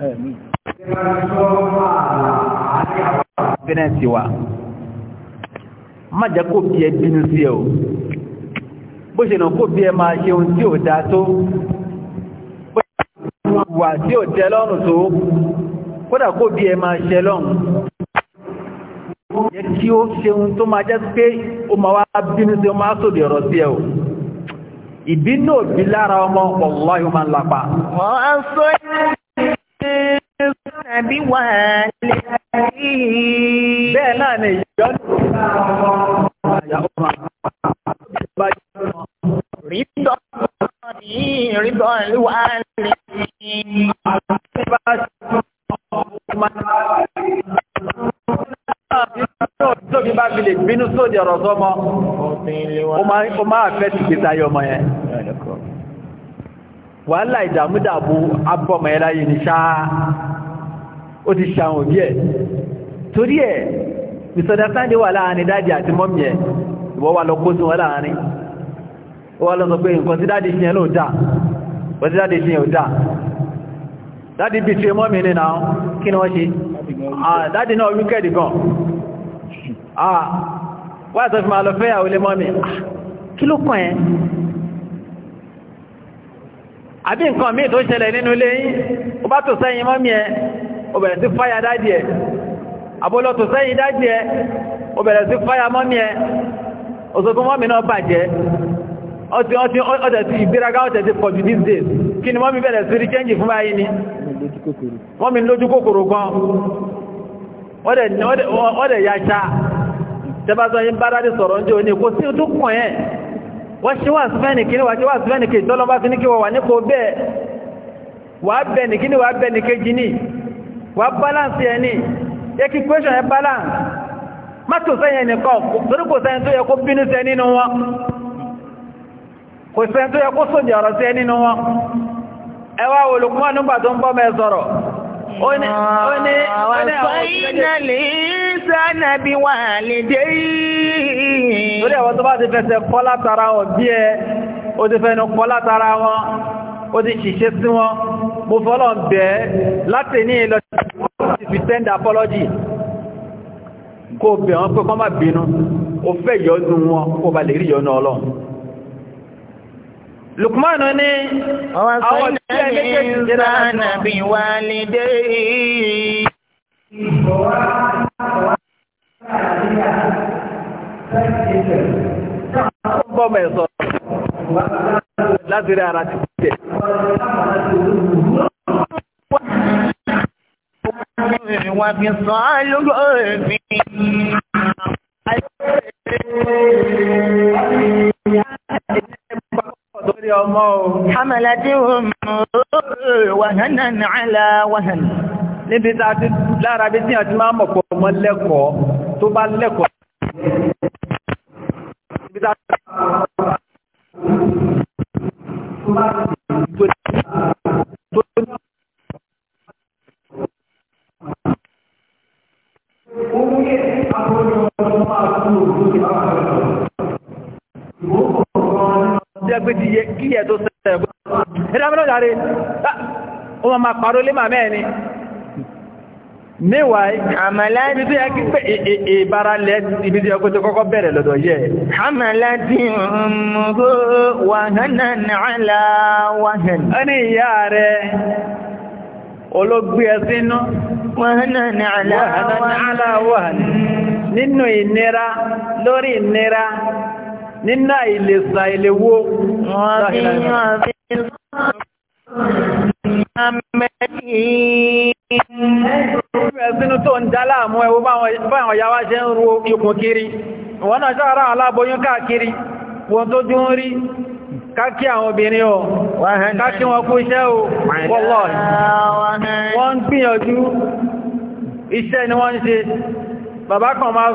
fẹ́rẹ́ǹsì wa má jẹ́ kó bí ẹ bínú sí ẹ o bó ṣe nà kó bí ẹ máa ṣe ohun tí ò dá tó bó ṣe wà tí ò tẹ́ lọ́rùn tó kódà kó bí ẹ máa ṣẹ lọ́rùn yẹ kí ó ṣe ohun tó máa jẹ́ pé ó máa wá bínú sí ó máa sòdì ọ̀rọ̀ sí ẹ o ìbínú òbí lára ọmọ ọ̀lá máa lápa bí wà lè rí. Bẹ́ẹ̀ náà ni ìjọ Rídọ̀ ní rídọ̀ ìlúwà lè rí. Tóbi bá fi lè bínú sóde ọ̀rọ̀ sọ́mọ, ó máa fẹ́ ti gbèsè ayé ọmọ yẹn wàhálà ìdàmúdàbò abọ́mọ̀ ẹ̀láyé ní ṣáá ó ti ṣàwọn òbí ẹ̀ torí ẹ̀ misunderstanding wà láàrin dáàdì àti mọ́mí ẹ̀ ìwọ wà lọ kó sí wọn láàrin ó wà lọ sọ pé nǹkan tí dáàdì ṣe ló dáa wọ́n tí dáàdì ṣe ò dáa dáàdì bí ṣe mọ́mí ní náà kí ni wọ́n ṣe dáàdì náà wíkẹ́dì gan wà sọ fún àlọ́fẹ́ ìyàwó lé mọ́mí kí ló kàn ẹ́ àbí nǹkan míì tó ṣẹlẹ̀ nínú ilé yín ó bá tò sẹ́yìn mọ́mí ẹ obere bẹ̀rẹ̀ faya fáyà dájì ẹ̀ abọ́lọ́tò sẹ́yìn dájì ẹ̀ ó bẹ̀rẹ̀ sí fáyà mọ́mí ẹ̀ òṣòfin náà bàjẹ́ ọtí ọtí ọtẹ̀ ìgbéraga these ni kẹ́ńjì fún báyìí ni lójú kòkòrò gan ń òní kò sí wọ́n ṣe ní wà ṣe wà fi ní kí Wa balance yẹn ni yẹ kí equation yẹ balance má tó sẹ́yìn nìkan torí kò sẹ́yìn tó yẹ kó bínú sẹ́ nínú wọn kò sẹ́yìn tó yẹ kó sójà ọ̀rọ̀ sẹ́ nínú wọn ẹ wá olùkúmọ̀ nígbà tó ń bọ́ mẹ́ sọ̀rọ̀ ó ní ó ní ó ní àwọn òṣèlú sáànà bí wà lè dé yìí. Torí àwọn tó bá ti fẹsẹ̀ kọ́ ó ti ṣiṣẹ́ sí wọn mo fọ́lọ̀ ń bẹ̀ ẹ́ láti ní ìlọ ti fi send apology kó bẹ̀ wọn pé kọ́ má bínú ó fẹ́ yọ́nú wọn kó ba lè rí yọ́nú ọlọ́run láti rí ara ti tẹ̀. وفصال غربي حملته وهنا على وهن níbi tá a ti lára bí tí a ti máa mọ̀pọ̀ ọmọ lẹ́kọ̀ọ́ tó bá lẹ́kọ̀ọ́ parọ́ lé màmá ẹ̀ ni níwàí àmàláti tí a kí pé ìbáralẹ̀ ibi tí ọkọ̀ tó kọ́kọ́ bẹ̀rẹ̀ lọ́dọ̀ yẹ àmàláti ọmọ wàhánà nàálà wàhánà ẹni ìyá rẹ̀ olóògbé ẹsínú wàhánà nàálà wàhánà nínú ìnira lórí ìnira nínú àìlèsà ìlèwó láàmú ẹwú báwọn yàwá ṣe ń ru ikùn kiri wọ́n náà sára aláboyún káàkiri wọ́n tó dún rí káàkí àwọn obìnrin o káàkí wọn kú iṣẹ́ o wọ́lọ́ wọ́n gbìyànjú iṣẹ́ ni wọ́n ṣe bàbá kan máa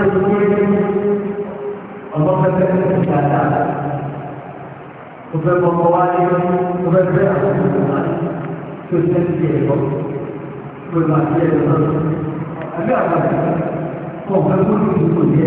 ṣe gbogbo ẹgbẹ́ ọgbọ́n fẹ́fẹ́ ti dada tó fẹ́ kọ́kọ́ wá ní tó fẹ́ fẹ́ àwọn ọmọ wa tó ṣe ti ẹ̀ lọ tó lọ àti ẹ̀ lọ àbí àwọn àti kọ̀ọ̀kan tó ní ìdúró yẹ.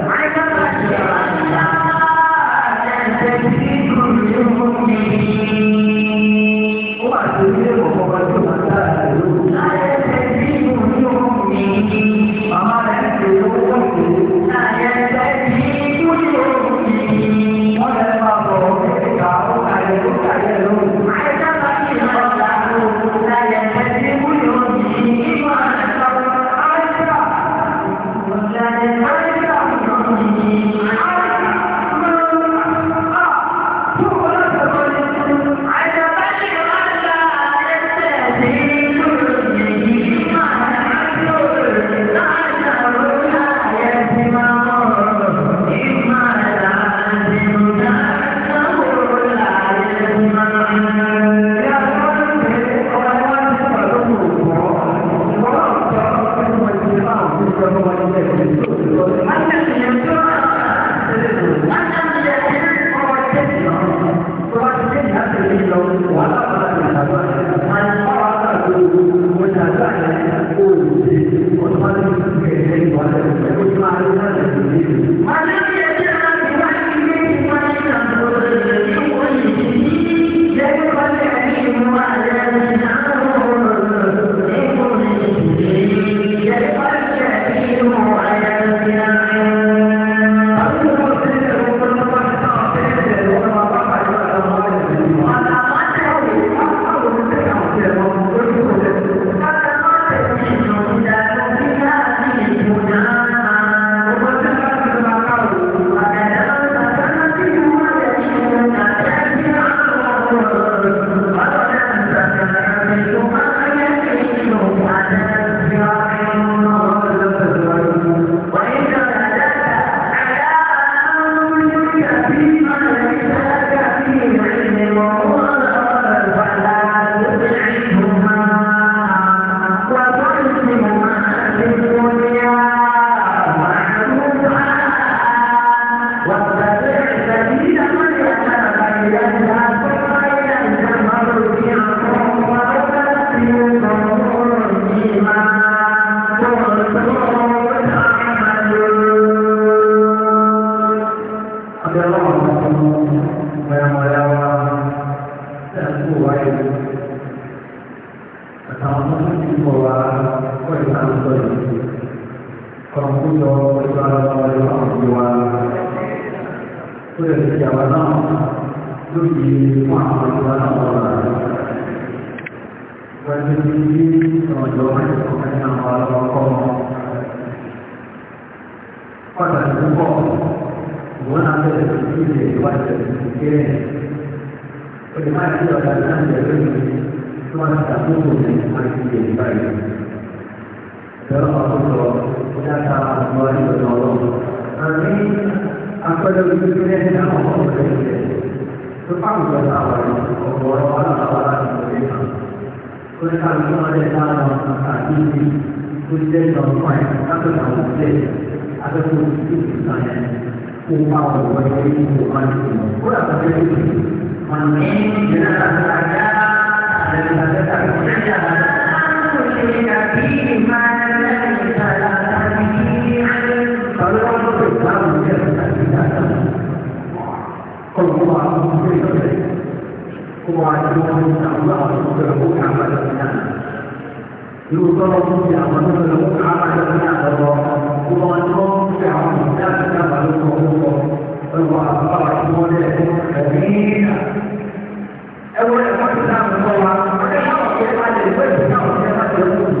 àdúgbò wa yìí àtàwọn tó ti kọ̀ wá kọ́ ìta yìí kọ̀ǹpútọ̀ ìgbà lọ́wọ́ ìwà òbí wa tó lè fi àwọn náà lóye fún àwọn ìwà náà wọ́n láti. Wọ́n ti ní bí ẹ̀kọ́ ní àwọn ọkọ̀ wọn. Kọ́ta ìdúkọ̀, ìwọ́n náà bẹ̀rẹ̀ sí ilé ìwádìí ìdíkẹ́rẹ́. Bagaimana kita akan menjadi Tuhan tak tunggu dan mari kita baik Dalam waktu itu Kita akan mulai bernolong Amin Aku ada berpikirnya dengan Allah berpikir Sebab kita tahu Orang-orang orang berpikir Kita akan mulai dalam Kita ini Kita akan mulai Kita akan mulai Kita akan mulai Kita akan mulai umat berbagai kehidupan itu. Kurang terjadi ini. Mening, jenis rasanya, dan rasanya berjalan. Kemudian Allah SWT berkata, "Jika kamu tidak mengikuti Allah, maka kamu akan berada di neraka." gbogbo àwọn tí wọ́n ń fi àwọn ìdá àti àbá ló sọ ọ́ sọ ẹ̀rọ àbá àti wọ́n lẹ̀ ẹ̀mí ìyá. ẹ̀rọ ẹ̀fọ́ ìdá àwọn ọmọ wa ọ̀rẹ́ máa wọ̀ pé má lè gbé ìdá àwọn ọ̀rẹ́ má lè wọ̀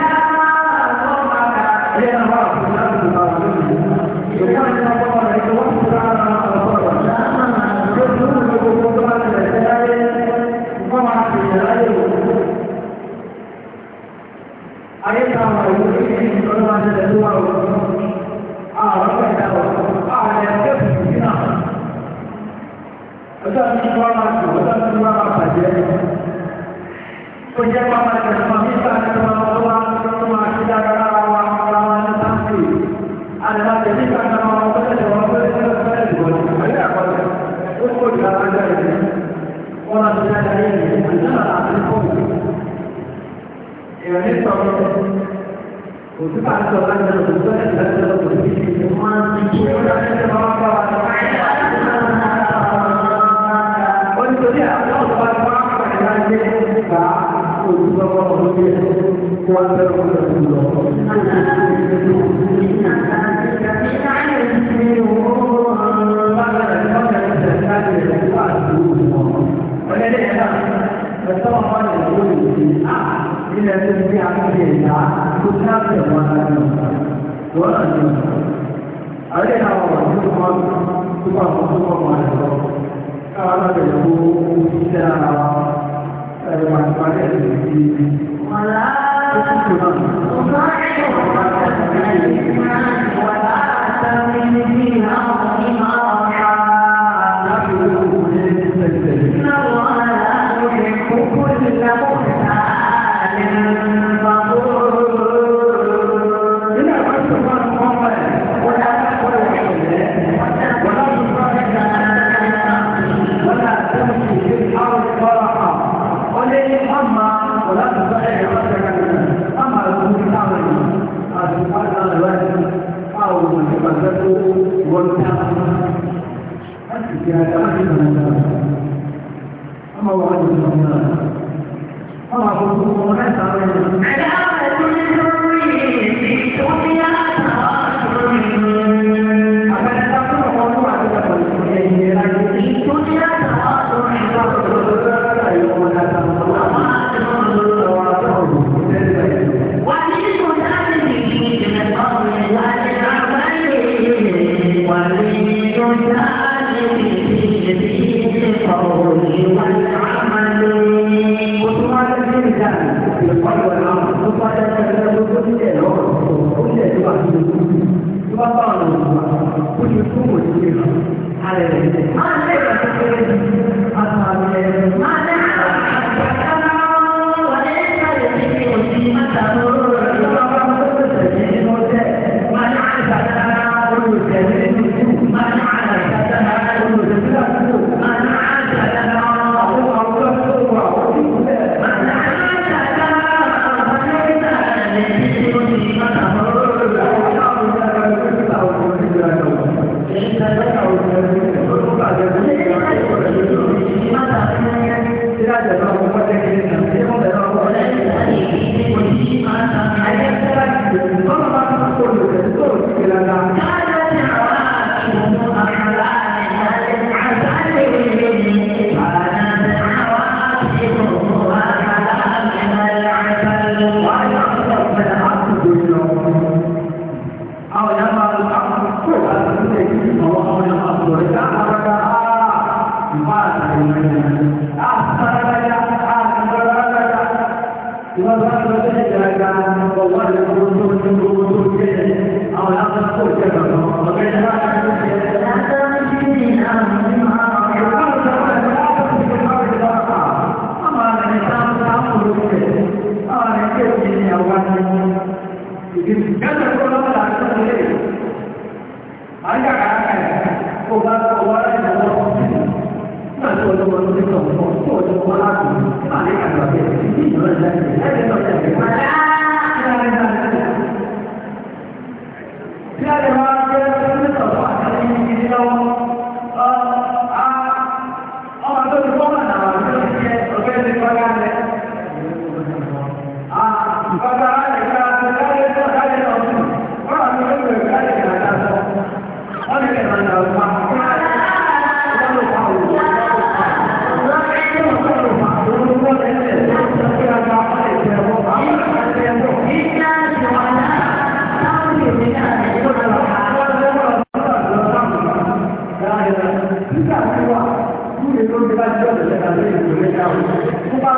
tó ń bá jẹ́ ọ̀sẹ̀ tàbí ìgbòmẹ́ dáhùn. Tó bá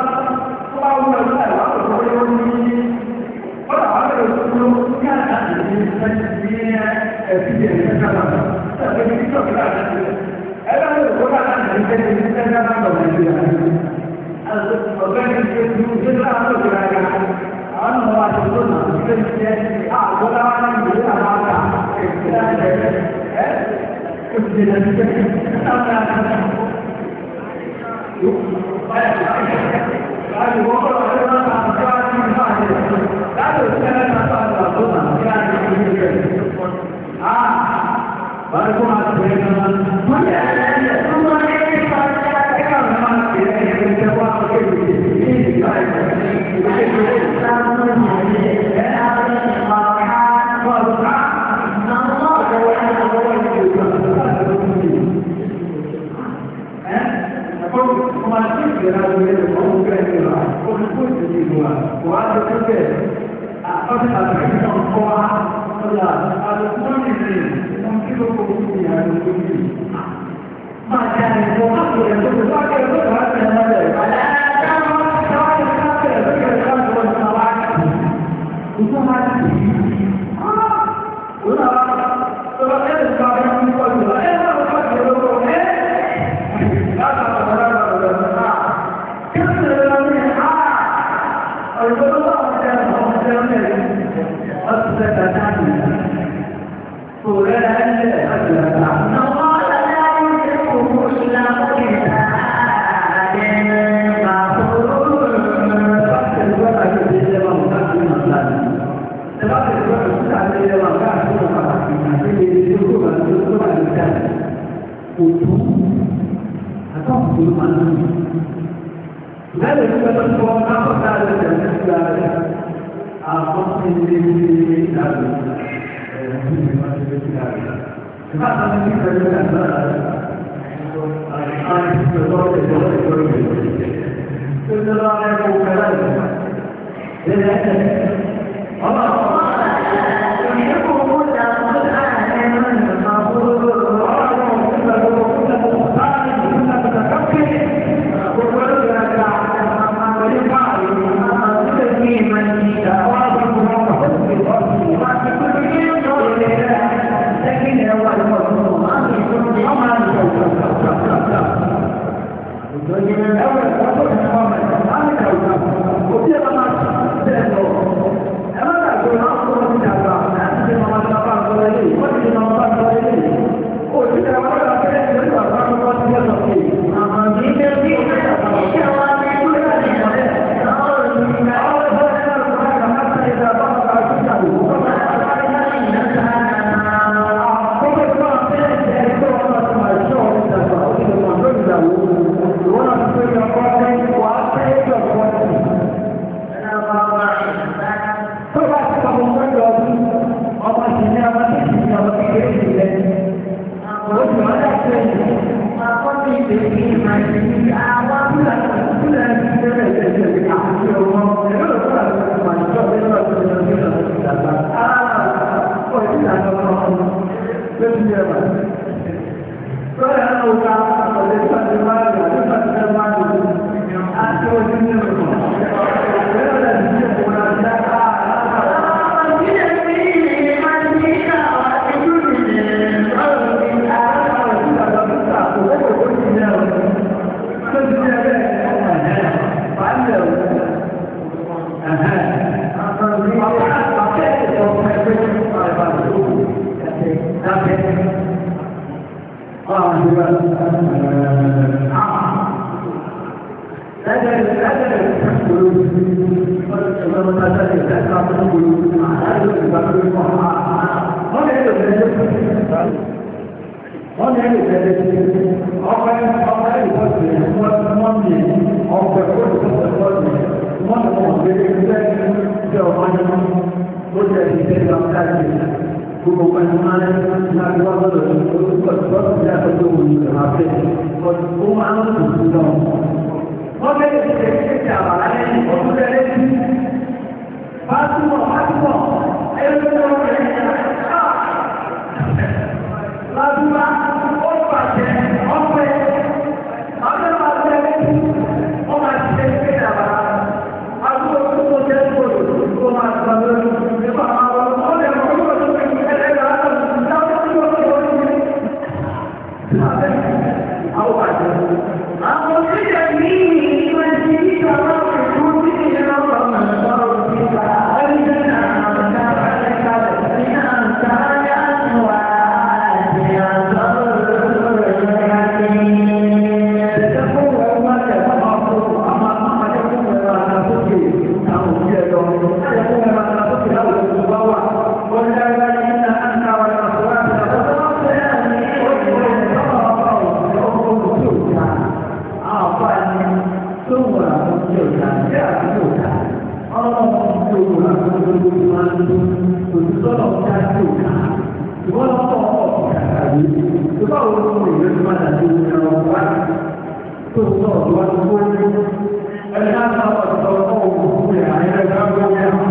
wú lọ sí àwọn àkọ́kọ́ pé wọ́n ní ọ̀rọ̀ àwọn ẹ̀rọ tó ló ní àtàkì ní ẹ̀sìn ẹ̀sìn ẹ̀sìn sábà. Tàbí ní sọ̀rọ̀ láti ẹ̀rọ tó bá láti ní ẹ̀sìn ẹ̀sìn sábà lọ Nàìjíríà. Ọ̀gbẹ́ni ṣe ju ṣé láwọn àwọn ọmọ wa ti tó nà ṣe ṣe àgbọ́lá wa ní ìlú àwọn àgbà ẹ̀sìn ẹ̀sìn ẹ̀ Ah, para com a pena, mulher, 把台上夸，是不是？啊，这关羽是，他个武艺还是武艺？那下我问你，是下面喝茶。gbogbo máa ń tó òtítọ́ lọ sí àti òkà ìwọ́n lọ ọ̀pọ̀ kàkà tó bá wọn lọ́wọ́ ìwé tó máa dàbí ìwé ọ̀rọ̀ wá tó sọ̀rọ̀ wá tó kó ẹ̀ka àtàwọn ọ̀tọ̀ ọ̀pọ̀ òkú rẹ̀ àyẹ̀rẹ̀